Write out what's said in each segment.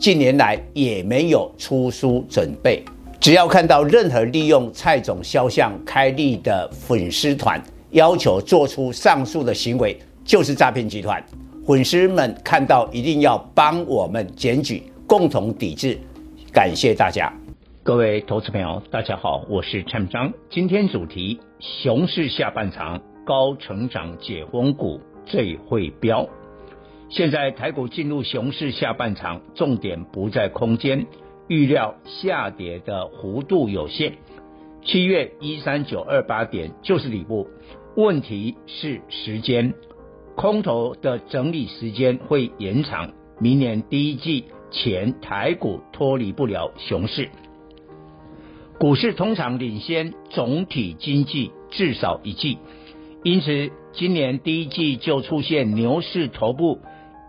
近年來也沒有出書準備，只要看到任何利用蔡總肖像開立的粉絲團，要求做出上述的行為，就是詐騙集團。粉絲們看到一定要幫我們檢舉，共同抵制。感謝大家，各位投資朋友，大家好，我是蔡明彰，今天主題：熊市下半場高成長解封股最會飆。現在台股進入熊市下半場，重點不在空間，預料下跌的幅度有限。七月一三九二八點就是底部，問題是時間，空頭的整理時間會延長。明年第一季前，台股脫離不了熊市。股市通常領先總體經濟至少一季，因此今年第一季就出現牛市頭部。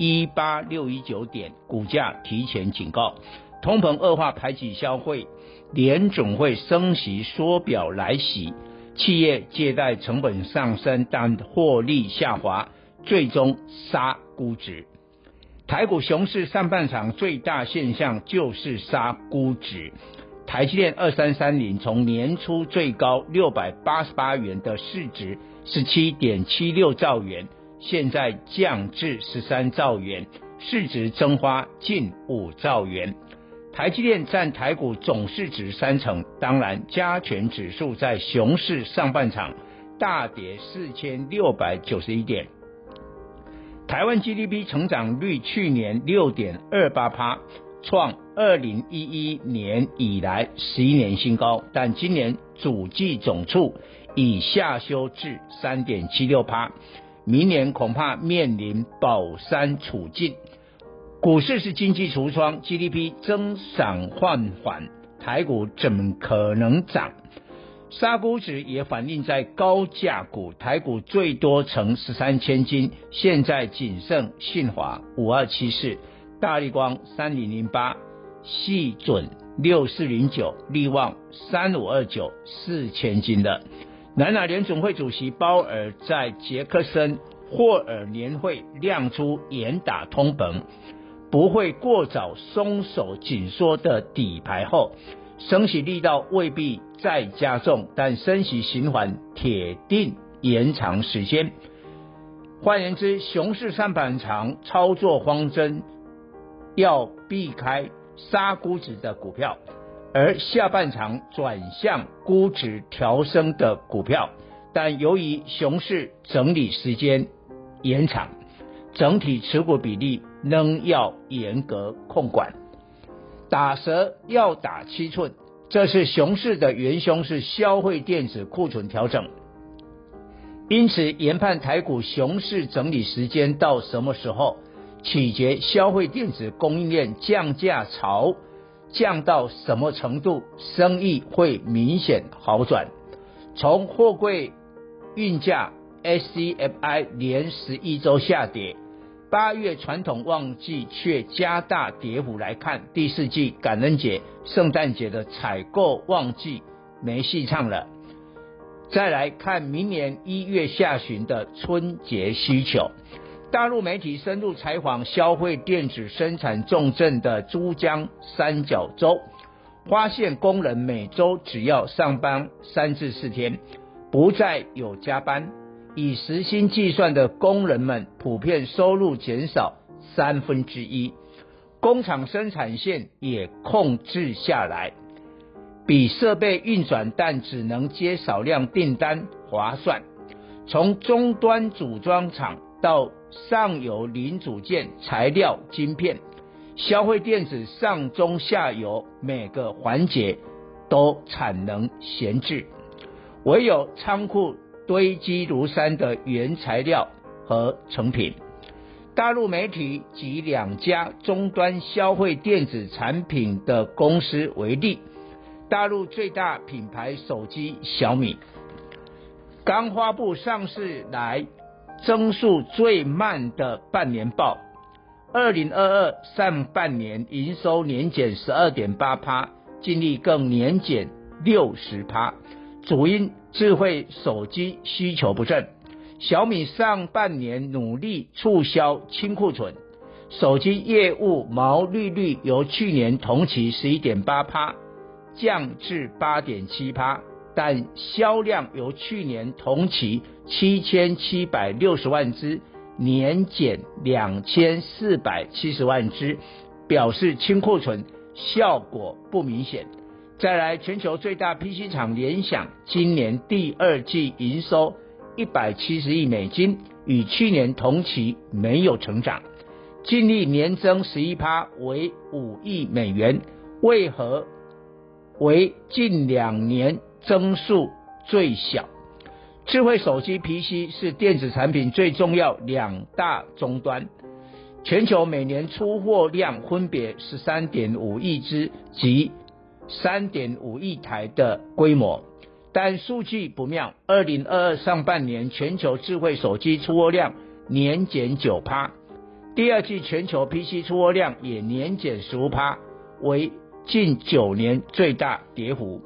一八六一九點，股價提前警告，通膨惡化，排擠消費，聯準會升息縮表來襲，企業借貸成本上升，但獲利下滑，最終殺估值。台股熊市上半場最大現象就是殺估值。台積電二三三零，從年初最高六百八十八元的市值，十七點七六兆元。現在降至十三兆元，市值蒸發近五兆元。台積電占台股總市值三成，當然加權指數在熊市上半場大跌四千六百九十一點。台灣 GDP 成長率去年六點二八趴，創二零一一年以來十一年新高，但今年主計總處已下修至三點七六趴。明年恐怕面臨保山處境，股市是經濟櫥窗，GDP 增長放緩，台股怎麼可能漲？殺估值也反映在高價股，台股最多成十三千金，現在僅剩信華五二七四、大立光三零零八、細準六四零九、力旺三五二九四千金的。南納聯總會主席鮑爾在傑克森霍爾年會亮出嚴打通膨，不會過早鬆手緊縮的底牌後，升息力道未必再加重，但升息循環鐵定延長時間。換言之，熊市下半場操作方針要避開殺估值的股票。而下半場轉向估值調升的股票，但由於熊市整理時間延長，整體持股比例仍要嚴格控管。打蛇要打七寸，這是熊市的元凶是消費電子庫存調整。因此研判台股熊市整理時間到什麼時候，取決消費電子供應鏈降價潮。降到什麼程度，生意會明顯好轉？從貨櫃運價 SCFI 連十一周下跌，八月傳統旺季卻加大跌幅來看，第四季感恩節、聖誕節的採購旺季沒戲唱了。再來看明年一月下旬的春節需求。大陸媒體深入採訪消費電子生產重鎮的珠江三角洲，發現工人每周只要上班三至四天，不再有加班，以時薪計算的工人們普遍收入減少三分之一，3, 工廠生產線也控制下來，比設備運轉但只能接少量訂單划算。從終端組裝廠到。上游零組件、材料、晶片，消費電子上中下游每個環節都產能閒置，唯有倉庫堆積如山的原材料和成品。大陸媒體及兩家終端消費電子產品的公司為例，大陸最大品牌手機小米，剛發布上市來。增速最慢的半年報，二零二二上半年營收年減十二點八趴，淨利更年減六十趴，主因智慧手機需求不振。小米上半年努力促銷清庫存，手機業務毛利率由去年同期十一點八趴降至八點七趴。但銷量由去年同期七千七百六十萬隻，年減兩千四百七十萬隻，表示清庫存效果不明顯。再來，全球最大 PC 廠聯想今年第二季營收一百七十億美金，與去年同期沒有成長，淨利年增十一趴為五億美元，為何為近兩年，增速最小，智慧手機、PC 是電子產品最重要兩大終端，全球每年出貨量分別十三點五億支及三點五億台的規模，但數據不妙，二零二二上半年全球智慧手機出貨量年減九趴，第二季全球 PC 出貨量也年減十五趴，為近九年最大跌幅。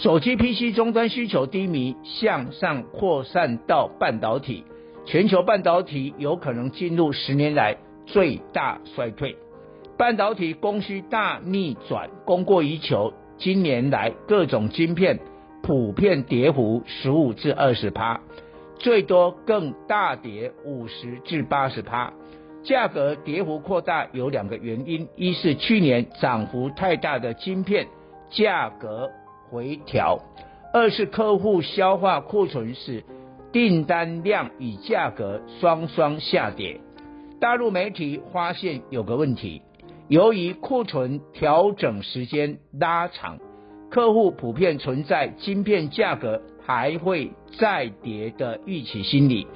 手機、PC 終端需求低迷，向上擴散到半導體。全球半導體有可能進入十年來最大衰退。半導體供需大逆轉，供過於求。今年來各種晶片普遍跌幅十五至二十趴，最多更大跌五十至八十趴。價格跌幅擴大有兩個原因：一是去年漲幅太大的晶片價格。回調，二是客戶消化庫存時，訂單量與價格雙雙下跌。大陸媒體發現有個問題，由於庫存調整時間拉長，客戶普遍存在晶片價格還會再跌的預期心理，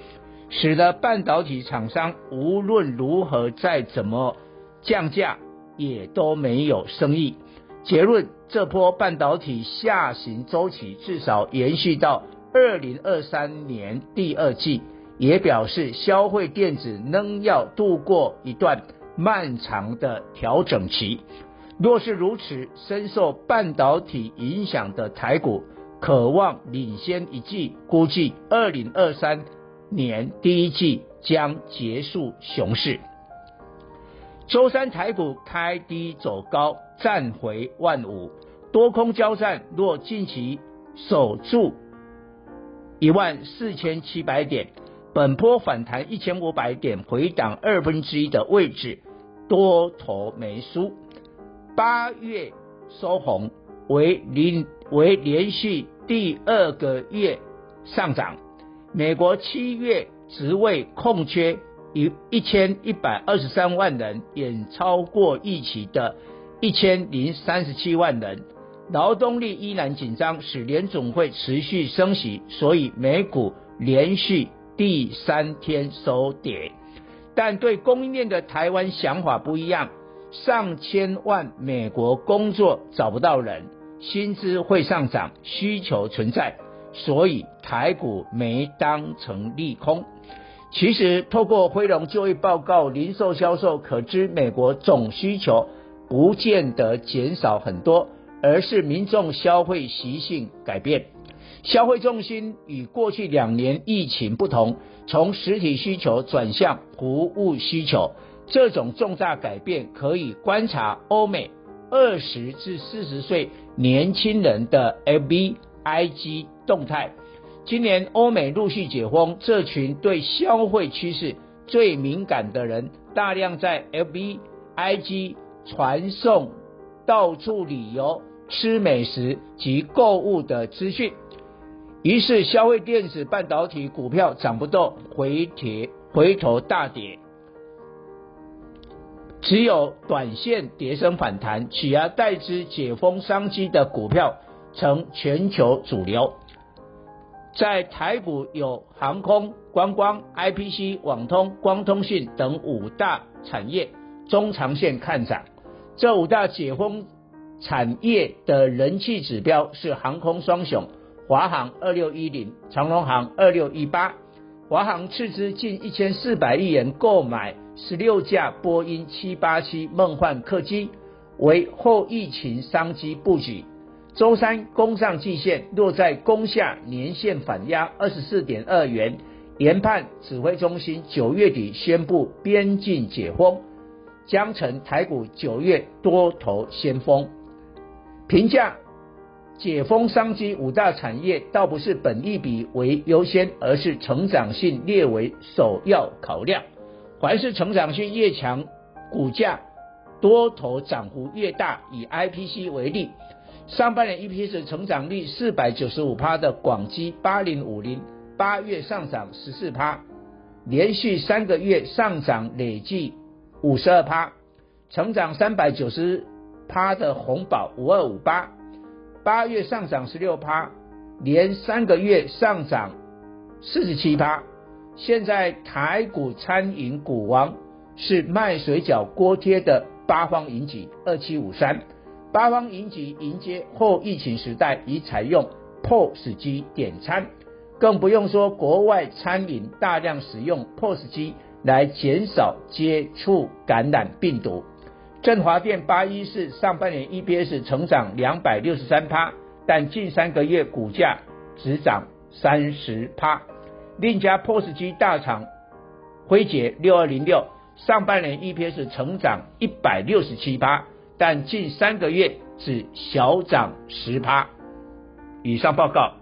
使得半導體廠商無論如何再怎麼降價，也都沒有生意。結論：這波半導體下行週期至少延續到二零二三年第二季，也表示消費電子仍要度過一段漫長的調整期。若是如此，深受半導體影響的台股，可望領先一季，估計二零二三年第一季將結束熊市。週三台股開低走高。站回萬五，多空交戰，若近期守住一萬四千七百點，本波反彈一千五百點回檔二分之一的位置，多頭沒輸。八月收紅為零，為連續第二個月上漲。美國七月職位空缺一一千一百二十三萬人，遠超過預期的。一千零三十七萬人，勞動力依然緊張，使聯準會持續升息，所以美股連續第三天收跌。但對供應鏈的台灣想法不一樣，上千萬美國工作找不到人，薪資會上漲，需求存在，所以台股沒當成利空。其實透過非農就業報告，零售銷售可知美國總需求。不見得減少很多，而是民眾消費習性改變，消費重心與過去兩年疫情不同，從實體需求轉向服務需求。這種重大改變可以觀察歐美二十至四十歲年輕人的 FB IG 動態。今年歐美陸續解封，這群對消費趨勢最敏感的人，大量在 FB IG。傳送到處旅遊、吃美食及購物的資訊，於是消費電子、半導體股票漲不動，回鐵回頭大跌，只有短線跌升反彈。取而代之，解封商機的股票成全球主流，在台股有航空、觀光、IPC、網通、光通訊等五大產業，中長線看漲。這五大解封產業的人氣指標是航空雙雄，華航二六一零、長榮航二六一八。華航斥資近一千四百億元購買十六架波音七八七夢幻客機，為後疫情商機布局。周三，工上季線落在工下年線反壓二十四點二元，研判指揮中心九月底宣布邊境解封。江城台股九月多頭先鋒，評價解封商機五大產業，倒不是本益比為優先，而是成長性列為首要考量。凡是成長性越強，股價多頭漲幅越大。以 I P C 為例，上半年 E P S 成長率四百九十五趴的廣積八零五零，八月上漲十四趴，連續三個月上漲累計。五十二趴，成長三百九十趴的虹堡五二五八，八月上漲十六趴，連三個月上漲四十七趴。現在台股餐飲股王是賣水餃鍋貼的八方雲集二七五三，八方雲集迎接後疫情時代，已採用 POS 機點餐，更不用說國外餐飲大量使用 POS 機。來減少接觸感染病毒。振樺電八一四上半年 EPS 成長兩百六十三趴，但近三個月股價只漲三十趴。另一家 POS 機大廠輝捷六二零六上半年 EPS 成長一百六十七趴，但近三個月只小漲十趴。以上報告。